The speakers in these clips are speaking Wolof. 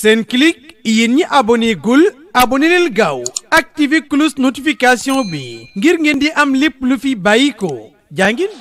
seen Senclic yéen ñi abonné gul abonné leen gaaw activé cloche notification bi ngir ngeen di am lépp lu fi bàyyi ko jaa ngeen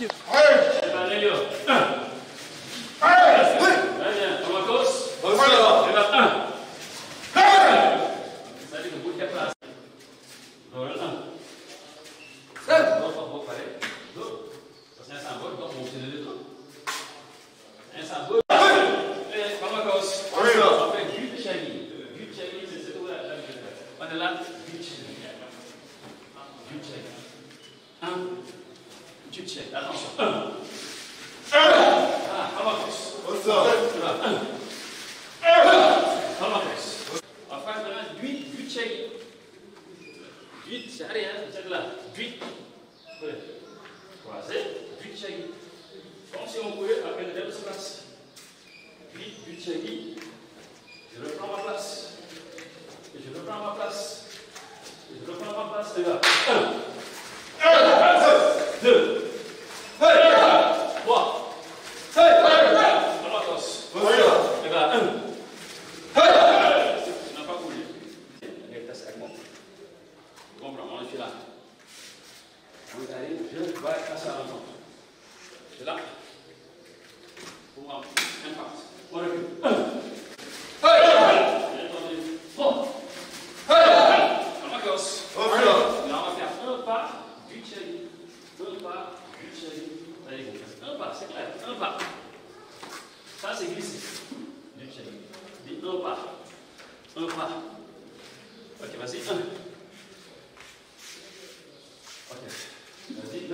siècle. Attention. Un. Un. Ah, Hamakos. What's up? Un. Un. Hamakos. Enfin, maintenant, huit, huit siècles. Huit, c'est arrière, c'est là. Huit. Croisé. Huit siècles. Comme si on pouvait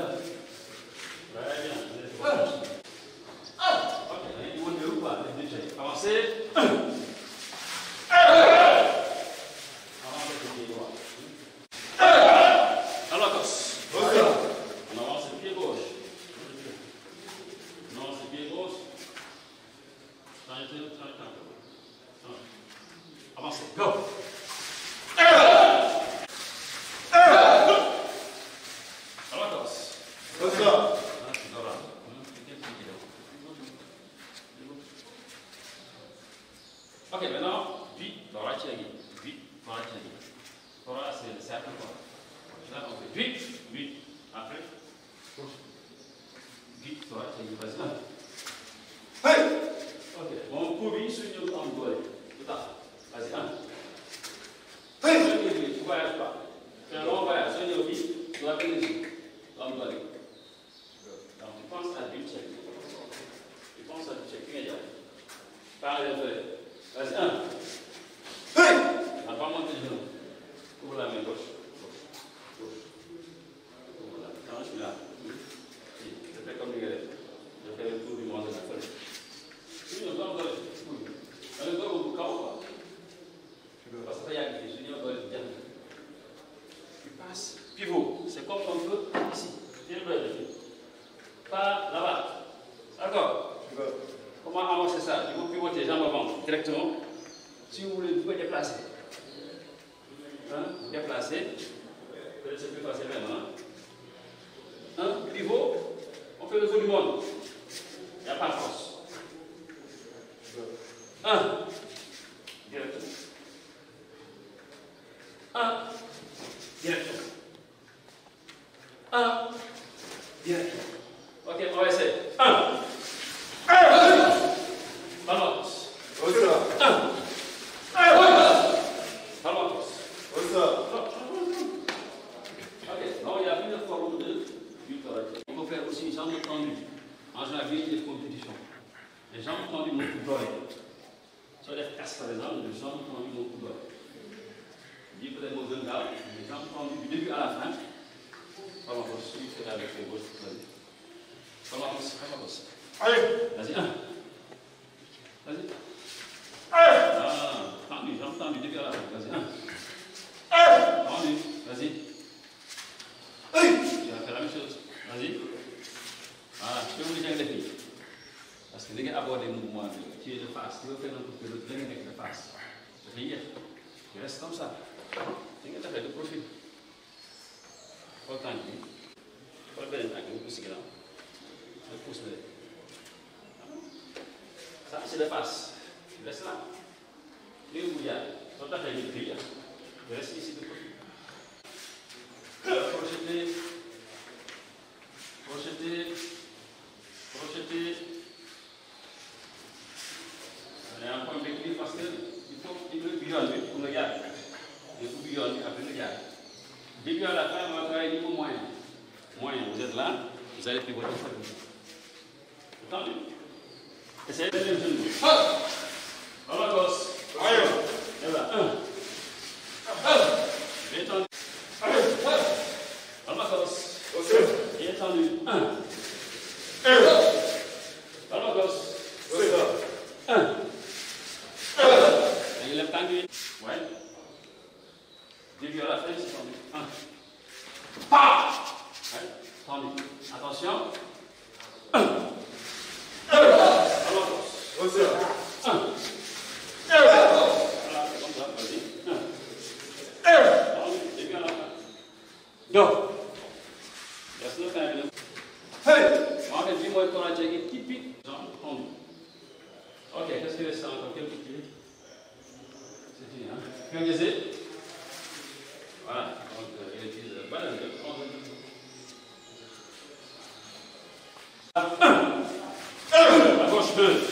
Bismillah. Oi! Tu conhece, pá. Você não conhece, eu vi, lá tem isso. Vamos ali. un ah. vas-y voilà évolution def yi parce que li nga abordé mouvement bi tu es de face tu veux faire un coup de da nga nekk de face dafay profil xool tànk bi xool beneen tànk bi ko si ginnaaw nga pousse na ça c'est de face tu restes là léegi mu jaar soo taxee ni dafay yéex tu restes Projeté, projeté. On est en train d'écrire parce que il faut il faut du yoon bi pour nga jaar il faut du yoon bi après nga jaar début à la fin on va travailler niveau moyen moyen vous êtes là vous allez pivoter vous entendez essayez de le faire à la gauche voyons voilà erreur de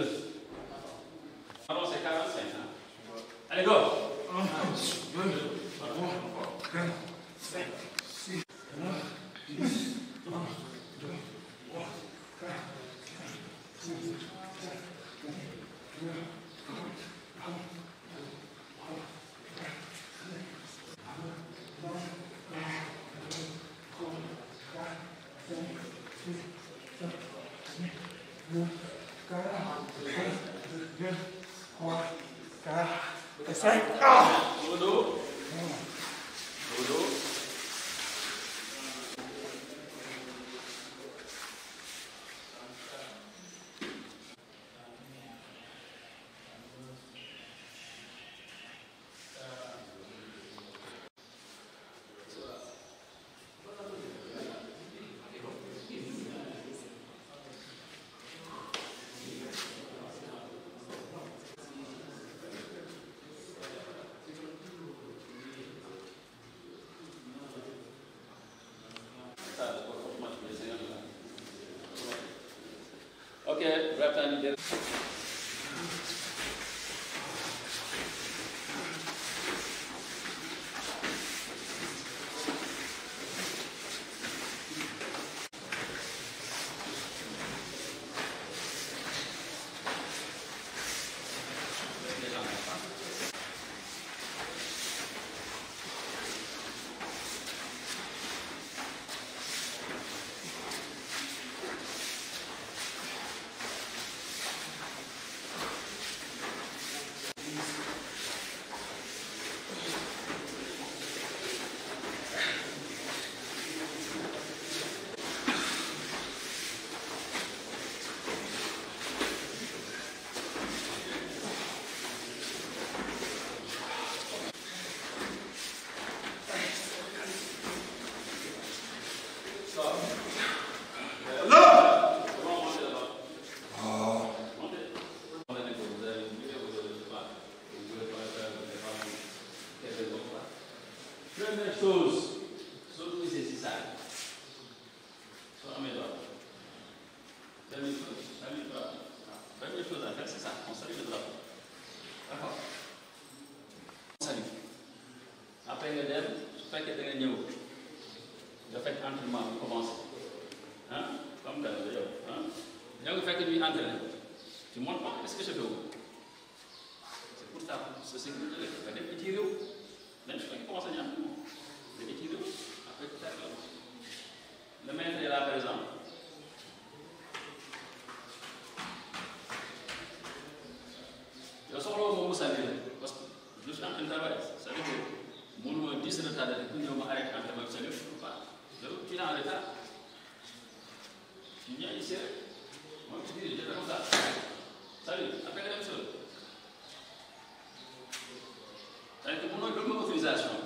42. Ah non, c'est 45. Hein. Allez, go Okey, bırak hani fekkee da nga ñëw nga fekk entraînement bu commencé ah xam nga la yow ah ñoo fekk ñuy entraîné tu montes pas est-ce que c'est pour ça sa sécurité la nga dem ci réew même su fekkee commencé ñaax moom da nga ci réew après tu la par exemple yow soxla woo moom mu parce que je suis en train de travailler moins 10 retardataires pour ñëw ma arrêté en temps ça ne peut pas donc tu es en retard ñu ñaan ici rek moom ci biir jënd comme ça salut après nga dem sol c'est-à-dire que mënoo jox ma autorisation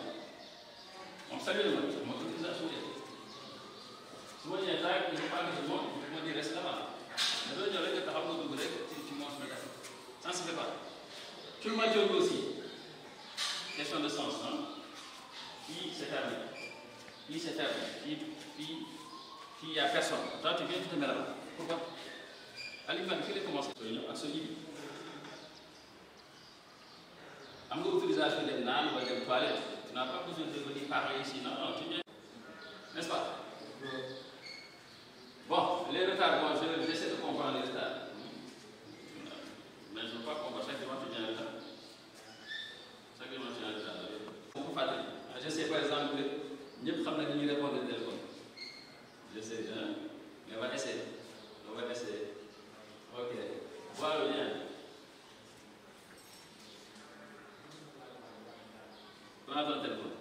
moom salut ma jox ma autorisation de su ma ñëwee taay que je parle de moom daf ma di reste là-bas da doon ñëw rek nga taxaw nga dugg rek ci ci moom sama gàtt ça ne se fait pas tu ma jël aussi question de sens hein hii shetani hii shetani hii hii hii y'a personne toi tu viens tu te mets là-bas pourquoi à l'image fii la commencé soo ñëw ak soo ñibbi am nga autorisation dem naan wala dem toilette tu n'as pas besoin de venir parler ici non non tu viens n'est-ce pas bon les retards bon je j'essaie de comprendre les retards mais je ne veux pas comprendre chaque dimanche tu viens en retard chaque je sais par exemple que ñëpp xam nañ ni ñuy répondre téléphone je sais hein mais on va essayer on va essayer ok voilà bien prends ton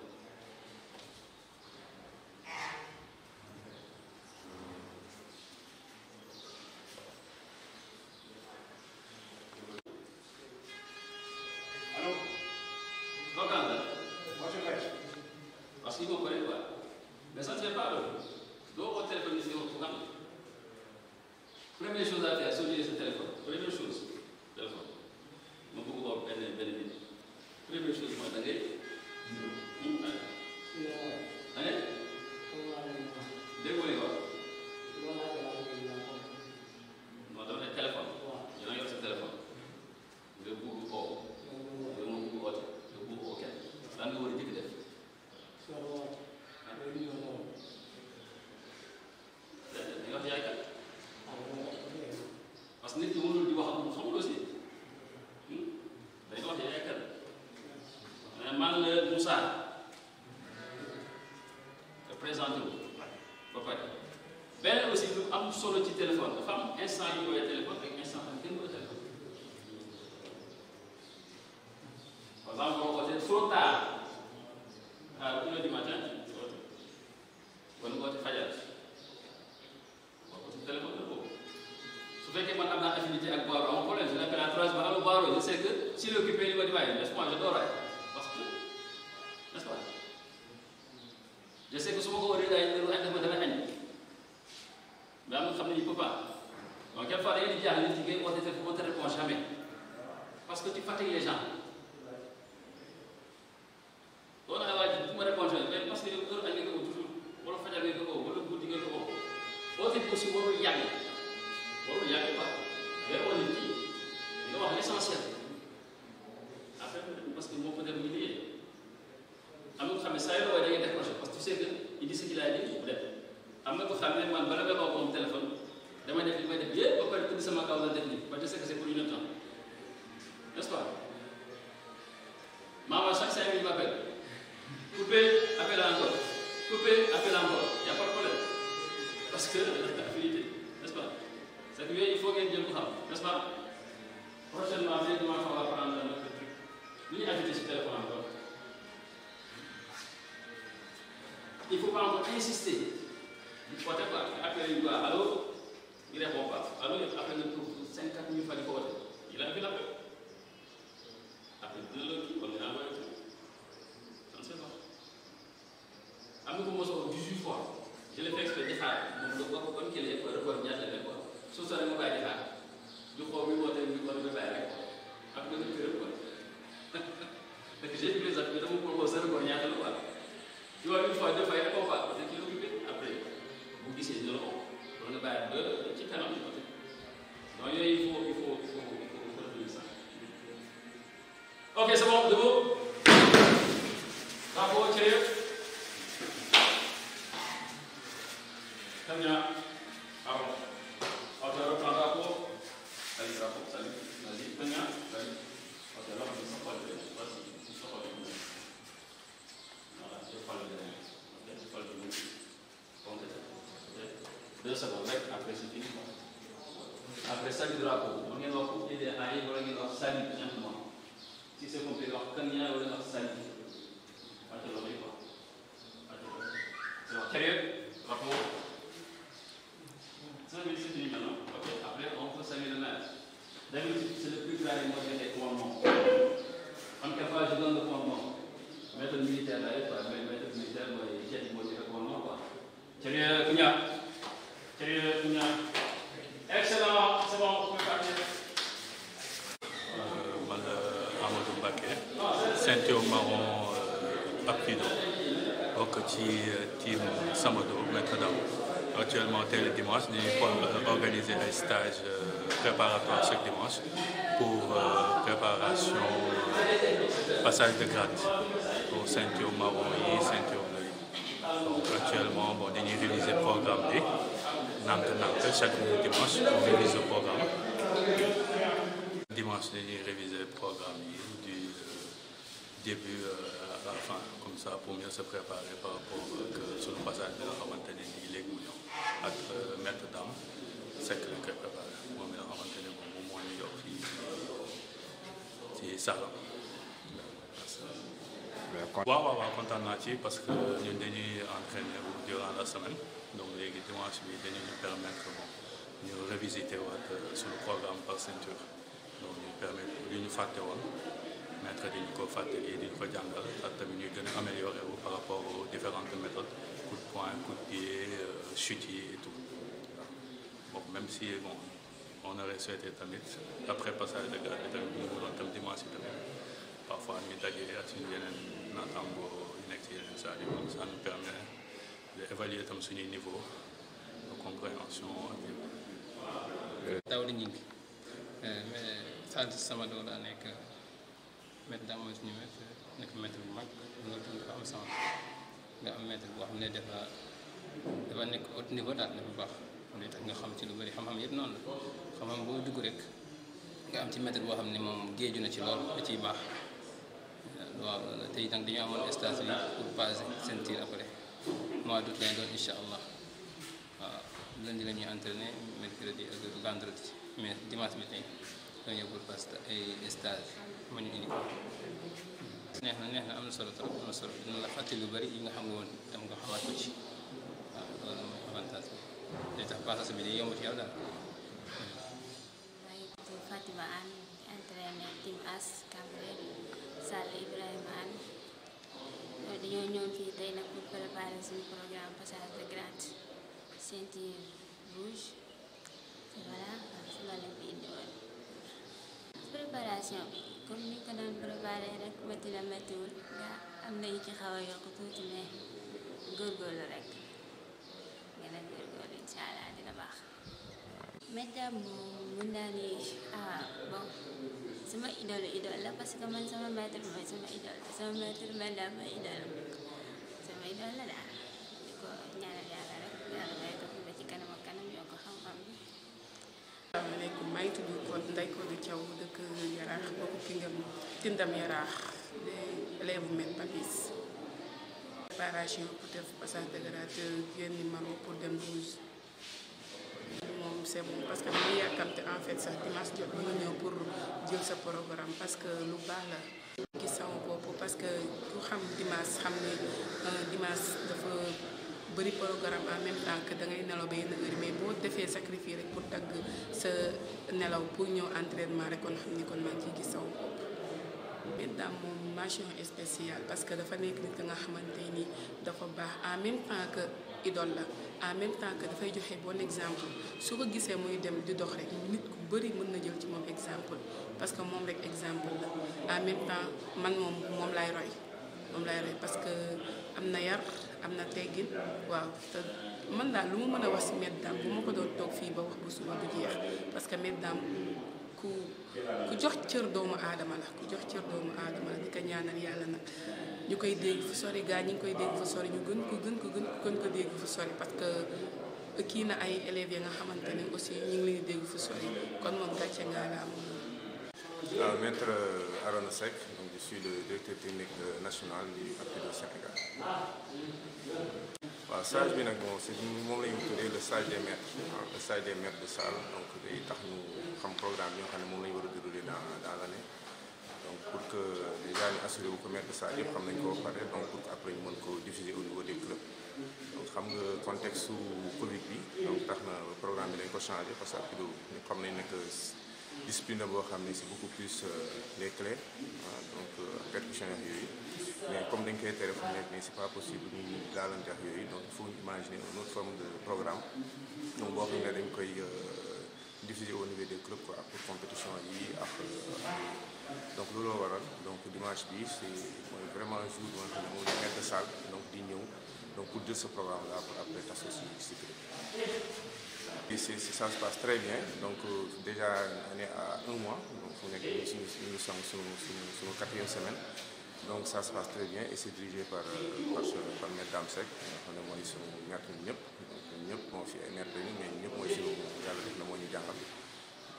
parce qu'il vous connaît quoi. Mais ça ne fait pas le Donc votre téléphone ici au programme. Première chose à faire, soigner ce téléphone. Première chose, téléphone. Je vais vous donner une Première chose, nós vamos, vamos fazer islam prochainement Seydou Manson on va prendre la note lu ñu affiché si téléphone am donc il faut pas encore insister ñu woote quoi après ñu quoi allo il répond pas allo après nga pour cinquante mille fois di ko woote il a vu l' appel après dina la kii wala nga envoyé on ne sait pas am na ko mos a wax dix-huit fois je l'ai fait exprès defaat moom la wax ko kon kii la yëpp record ñaata la quoi suuf sa da nga bàyyi defaat du xaw mi wootee ni ko defee bàyyi rek ak benn kër quoi parce que j'ai eu des affaires dama ko xaw a sori quoi ñaata la quoi. di organiser ay stage euh, préparatoire chaque dimanche pour euh, préparation euh, passage de grade pour ceinture marron yi ceinture bleu yi donc actuellement bon dañuy réaliser programme bi nank nank chaque dimanche on révise le programme dimanche dañuy réviser programme yi du début à la fin comme ça pour mieux se préparer par rapport que suñu passage bi nga xamante ne nii léegi mu ñëw ak euh, maître dam sekk lañ koy préparé moom mi nga xamante moom moo ñu yokk fii ci saxla waaw waaw naa ci parce que ñun dañuy entraîner durant la semaine donc léegi dimanche bi dañu ñu permettre bon ñu revisiter waat euh, programme par ceinture donc ñu permettre li ñu fàtte woon maître di ñu ko fàtte i di ñu ko jàngal ak tamit ñuy gën a par rapport aux différentes méthodes poing, coup de pied, euh, chutier et tout. Bon, même si on aurait souhaité tamit, après passage de garde tamit ñu doon tam dimanche tamit parfois ñu daje ak suñu yeneen naataango yu nekk ci yeneen saa yi permet de évaluer tam suñuy niveau de compréhension ak yëpp. Daouda Gningue euh, sant sama doom daa nekk maître d'armes nekk maître bu mag nga tudd am sens. nga am maître boo xam ne dafa dafa nekk haut niveau daal bu baax loolu tax nga xam ci lu bëri xam-xam yëpp noonu la xam-xam boo dugg rek nga am ci maître boo xam ne moom géeju na ci loolu da ciy baax waaw te itam dañoo amoon stage bi pour passer seen tir après mois d'août lay doon incha allah waaw lundi la ñuy entraîné mercredi ak vendredi mais dimanche bi tey dañoo pour passer ay stage ma ñu neex na neex na am na solo trop am na solo dina la fàttali lu yi nga xam woon tam nga xamaat ko ci waaw tax passage bi yomb ci yow daal. maa ngi tudd Fatima Anne entraîneur team AS Cambérène Sall Ibrahima Anne loolu dañoo ñëw fii tey nag pour préparer suñu programme passage de grade ceinture rouge voilà bi comme bare rek métti na méttiwul nga am na nañu ci xaw a yokk tuuti mais góorgóorlu rek gën a góorgóorlu incha allah dina baax. média moom mun naa ni ah sama idole idole la parce que sama maître mooy sama idole sama maître man daal mooy idole sama idole la daal. tudd Codé Ndeye dëkk Yaraax bokk Pingam Tindam Yaraax élève maître Papis préparation pour def de grade génn Maroc parce que dañuy yàkkamte en fait sax dimanche jot nga ñëw pour jël sa programme parce que lu baax la gis sama bopp parce que ku xam dimanche xam ne euh, dimanche dafa bëri programme en même temps que da ngay nelaw ba yenn heure mais boo defee sacrifice rek pour dagg sa nelaw pour ñëw entraînement rek kon xam ni kon maa ngi ciy gis saw bopp mais daam moom mention spéciale parce que dafa nekk nit nga xamante ni dafa baax en même temps que idole la en même temps que dafay joxe bon exemple su ko gisee muy dem di dox rek nit ku bëri mën na jël ci moom exemple parce que moom rek exemple la en même temps man moom moom lay roy moom lay roy parce que am na yar am na teggin waaw man daal lu mu mën a wax si Maître bu ma ko doon toog fii ba wax bu suba du jeex parce que Maître Dame ku ku jox cër doomu aadama la ku jox cër doomu aadama la di ko ñaanal yàlla nag ñu koy dégg fu sori gaa ñi ngi koy dégg fu sori ñu gën ko gën ko gën gën ko dégg fu sori parce que kii na ay élèves ya nga xamante ne aussi ñu ngi leen dégg fu sori kon moom gàcce ngaa la amoon. waaw euh, Arona Seck donc je suis directeur technique euh, national du APIDO Sénégal. waaw stage bi nag bon si moom la ñu tuddee le stage des maîtres le stage des maîtres de salle donc tax ñu xam programme bi nga xam ne moom la ñu war a dérouler dans dans l'année donc pour que déjà ñu assuré wu ko maître de salle yëpp xam nañ ko pare donc après ñu mën ko diffuser au niveau des clubs xam nga contexte su tax na programme dañ ko changé parce que Akido xam nañ ne que discipline la boo xam ne c'est beaucoup plus euh, les clés donc euh, percussion yooyu. mais comme dañ koy tere fu nekk nii c'est pas possible ñuy laalante ak yooyu donc il faut imaginer une autre forme de programme donc boo xam ne dañ koy diffuser au niveau des clubs quoi pour compétition yi ak donc looloo waral donc dimanche bi c'est mooy vraiment jour bi moom nekk salle donc ñëw donc pour jël ce programme là pour après t'associer si club et c'est ça se passe très bien donc déjà on à un mois donc fu nekk nii suñu suñu suñu suñu quatrième semaine donc ça se passe très bien et c'est dirigé par euh, par par maître Dame Seck nga xam ne mooy suñu ñett ñun ñëpp ñun ñëpp moo fi mooy suñu yàlla def ñu jàngal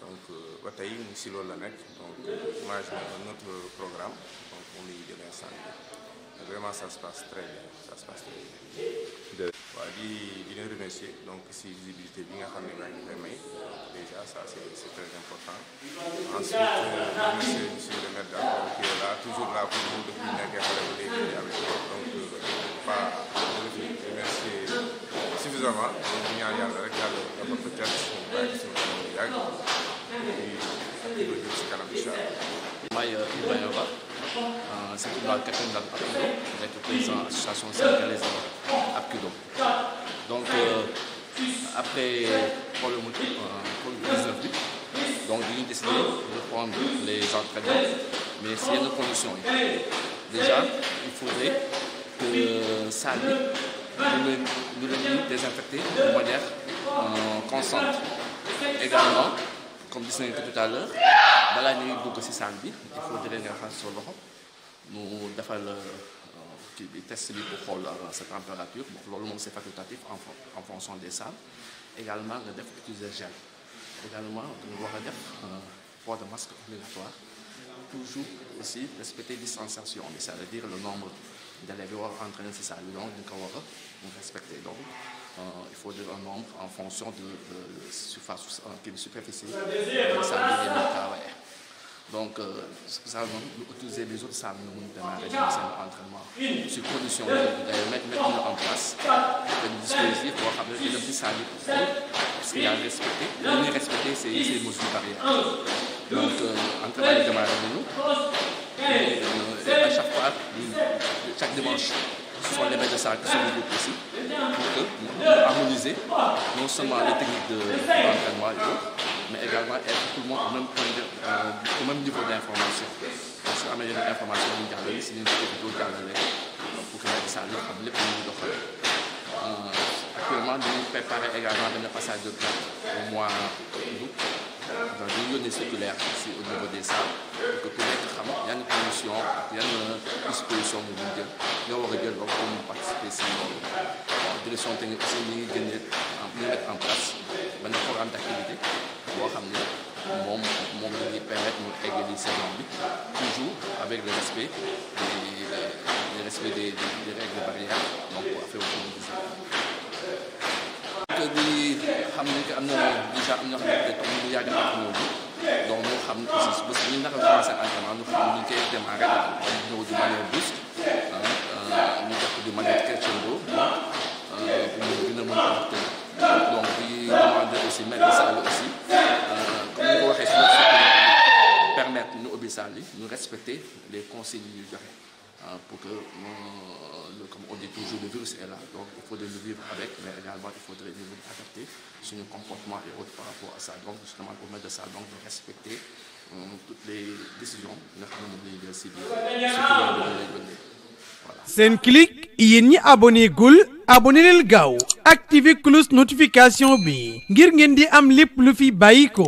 donc euh, ba tey si loolu la nekk donc image notre programme donc moom la ñuy jëlee sànq vraiment ça se passe très bien. waaw di di leen donc si visibilité bi nga xam ne maa ngi koy may déjà ça très important ensuite euh, remercier monsieur le maire Dame qui est toujours là pour nous depuis ñu nekkee xale ba léegi di avec donc euh, pas remercier suffisamment donc ñu ñaan yàlla rek yàlla dafa ko cat suñu bàyyi suñu kanam bu yàgg di di ko si kanam incha allah. maay euh, Ibrahima Ba c'est Touba Kër Ndane Apollo nekk président association sénégalaise ab donc euh, après euh, problème Covid-19 euh, bi donc dañuy décidé reprendre les entraînements mais si yenn conditions yi déjà il faudrait que salle bi ñu ne ñu la ñuy désinfecter de manière constante également comme gis nañu ko tout à l'heure balaa ñuy dugg ci salle bi il faut que nga raxas sa loxo mu defal. kii bi test bi pour xool sa température bon loolu moom c'est facultatif en en fonction des salles également nga def utiliser gel également dañu war euh, de masque obligatoire toujours aussi respecter distanciation bi c'est-à-dire le nombre d'élèves yi war a entraîner si salle bi donc ñu ko war a respecter donc euh, il faut de un nombre en fonction de surface kii euh, bi superficie salle bi ngeen di donc salle moom lu utiliser les autres salles ñu mun en place benn dispositif boo parce que yaa ngi respecté li ñuy respecté ces ces mesures barrières donc entraînement yi démarré nañu à chaque fois chaque dimanche ce sont les maîtres de salle qui se regroupent aussi pour que ñu harmoniser non seulement les techniques de et autres mais également être tout le monde au même euh, niveau d'information parce que am na information yu ñu jàllale si ñun si kii jàllale pour que Macky Sall xam lépp lu euh, actuellement dañuy préparer également benn passage de grade au mois d'août donc ñu yónnee circulaire si au niveau des salles que ku nekk xam yan condition ak yan disposition ñu mun jël ñoo war a participer si direction technique aussi ñu ngi génnee ñu en place benn programme d'activité boo xam ne moom moom la ñuy permettre ñu eggali saison bi toujours avec le respect des le respect des des règles barrières donc affaire boobu que di xam ne que am na déjà am na xam ne toog nañu yàgg ak ñoom donc ñu xam ne aussi bés bu ñu naka commencé entraînement ñu xam ñu koy démarrer daal ñëw di manière boost ah, ah, ñu def di manière crescendo ah, pour ñu gën a mën a donc di demander aussi euh, comme ni ko permettre ñu ubbi salle yi ñu respecter les conseils yu ñu joxe euh, pour que euh, comme on dit toujours le virus est là donc il faudrait le vivre avec mais également il faudrait ñu mun adapter suñu comportement et autres par à ça justement au maître de donc de respecter toutes les décisions nga xam ne moom la seen clic yéen ñi abonné gul abonné leen gaaw activé bi ngir ngeen di am lépp lu fi bàyyi ko